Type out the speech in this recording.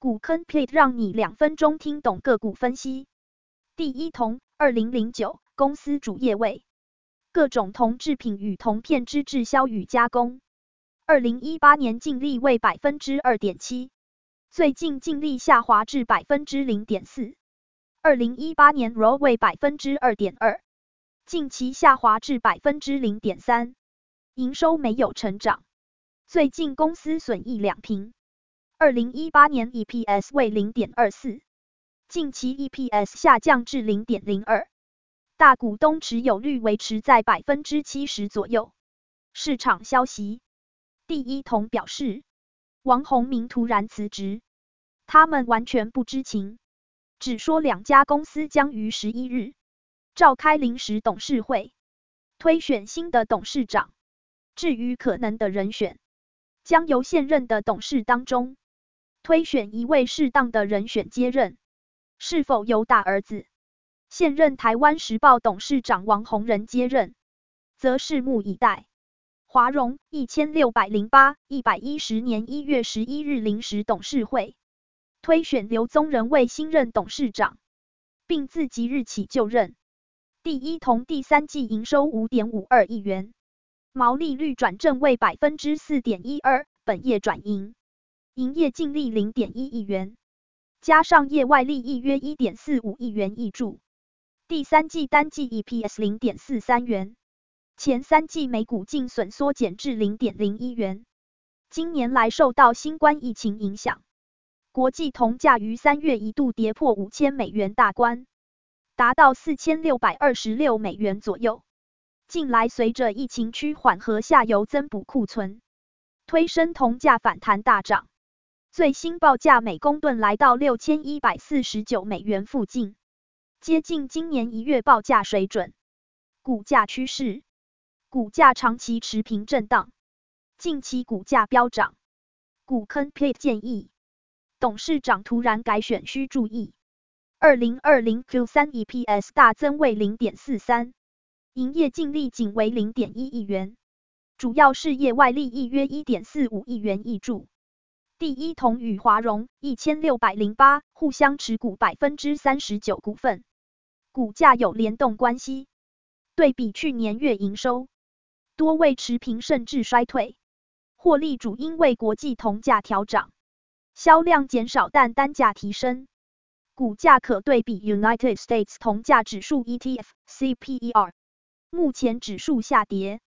股坑 plate 讓你兩分鐘聽懂個股分析。第一銅，2009公司主業為各種銅製品與銅片之製銷與加工。2018年淨利為百分之二點七，最近淨利下滑至百分之零點四。2018年 ROE 為百分之二點二，近期下滑至百分之零點三。營收沒有成長，最近公司損益兩平。二零一八年 EPS 為零點二四，近期 EPS 下降至零點零二，大股東持有率維持在百分之七十左右。市場消息，第一銅表示，王宏明突然辭職，他們完全不知情，只說兩家公司將於十一日召開臨時董事會，推選新的董事長。至於可能的人選，將由現任的董事當中。推選一位適當的人選接任，是否由大兒子現任《台灣時報》董事長王洪仁接任，則拭目以待。華榮一千六百零八一百一十年一月十一日臨時董事會推選劉宗仁為新任董事長，並自即日起就任。第一銅第三季營收五點五二億元，毛利率轉正為百分之四點一二，本業轉盈。營業淨利零點一億元，加上業外利益約一點四五億元挹注，第三季單季 EPS 零點四三元，前三季每股淨損縮，縮減至零點零一元。今年來受到新冠疫情影響，國際銅價於三月一度跌破五千美元大關，達到四千六百二十六美元左右。近來隨着疫情趨緩和下游增補庫存，推升銅價反彈大漲。最新報價每公噸來到六千一百四十九美元附近，接近今年一月報價水準。股價趨勢：股價長期持平震盪，近期股價飆漲。股坑 plate 建議：董事長突然改選需注意。二零二零 Q 三 EPS 大增為零點四三，營業淨利僅為零點一億元，主要是業外利益約一點四五億元挹注。第一銅與華榮一千六百零八互相持股百分之三十九股份，股價有聯動關係。對比去年月營收，多為持平甚至衰退，獲利主因為國際銅價調漲，銷量減少但單價提升。股價可對比 United States 銅價指數 ETF CPER，目前指數下跌。